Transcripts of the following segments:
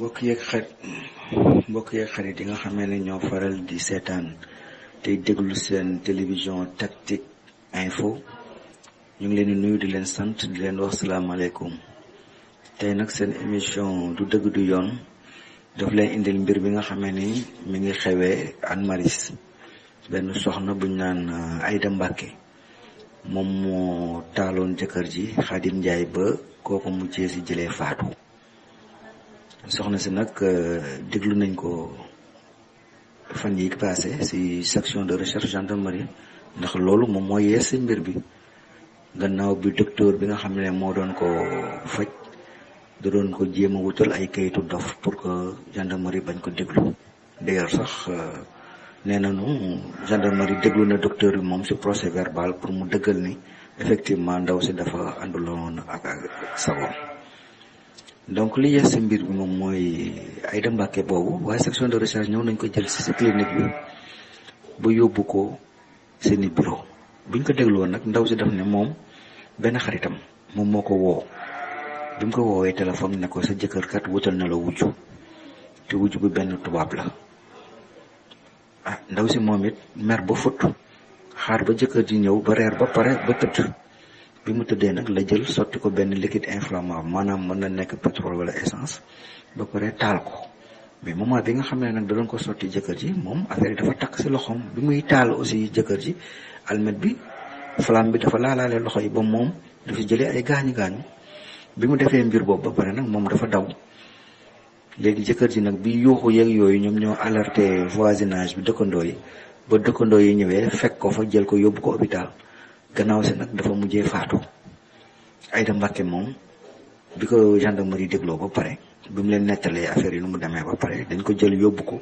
mbokk yeeg xarit mbokk yeeg xarit yi nga xamee ne ñoo faral di seetaan tey déglu seen télévision Tactic Info ñu ngi leen di nuyu di leen sant di leen wax salaamaaleykum tey nag seen émission du dëgg du yoon daf leen indil mbir bi nga xamee ni mu ngi xewee Hann Maristes benn soxna buñ naan euh, Aïda Mbacke moom moo taaloon jëkkër ji Xaadim Njaay ba kooku mujjee si jëlee faatu soxna si nag euh, déglu nañ ko fan yi passé si section de recherche gendarmerie ndax loolu moom moo yees si mbir bi gannaaw bi docteur bi nga xam ne moo doon ko faj da doon ko jéem a wutal ay kayitu dof pour que gendarmerie bañ ko déglu d'ailleurs sax euh, nee nañu gendarmerie déglu na docteur bi moom si procès verbal pour mu dëggal ni effectivement ndaw si dafa ànduloon ak ak sagoom donc li yees mbir bi moom mooy Aïda Mbacké boobu waaye section de recherche ñëw nañ ko jël si sa clinique bi ba yóbbu ko seeni bureau buñ ko déglu woon nag ndaw si def ne moom benn xaritam moom moo ko woo bi mu ko woowee téléphone ne ko sa jëkkër kat wutal na la wujju te wujju bi benn tubaab la ah ndaw si moom it mer ba fut xaar ba jëkkër ji ñëw ba reer ba pare ba tëdd bi mu tëddee nag la jël sotti ko benn liquide inflammable maanaam mën na nekk pétrole wala essence ba pare taal ko mais moment bi nga xam ne nag da doon ko sotti jëkkër ji moom affaire dafa takk si loxoom bi muy taal aussi jëkkër ji almet bi flamme bi dafa laalaale loxo yi ba moom dafa jëlee ay gaañu gaañu bi mu defee mbir boobu ba pare nag moom dafa daw léegi jëkkër ji nag bi yuuxu yeeg yooyu ñoom ñoo alerté voisinage bi dëkkandoo yi ba dëkkandoo yi ñëwee fekk ko fa jël ko yóbbu ko hôpital gannaaw si nag dafa mujjee faatu Aïda Mbacke moom bi ko gendarmerie dégloo ba pare bi mu leen nettalee affaire yi nu mu demee ba pare dañ ko jël yóbbu ko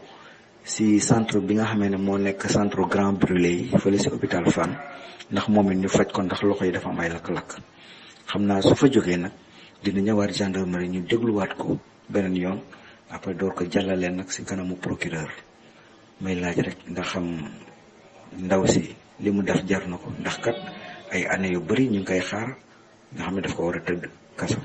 si centre bi nga xamee ne moo nekk centre Grand Brûlé yi fële si hôpital fan ndax moom it ñu faj ko ndax loxo yi dafa am ay lakk-lakk xam naa su fa jógee nag dina ñëwaat gendarmerie ñu dégluwaat ko beneen yoon après door ko jàllaleen nag si kanamu procureur may laaj rek nga xam ndaw si li mu def jar na ko ndax kat ay années yu bari ñu ngi koy xaar nga xam ne daf ko war a tëdd kaso